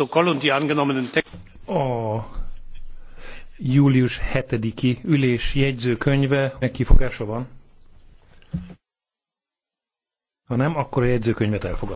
A július 7-i ülés jegyzőkönyve kifogása van? Ha nem, akkor a jegyzőkönyvet elfogadom.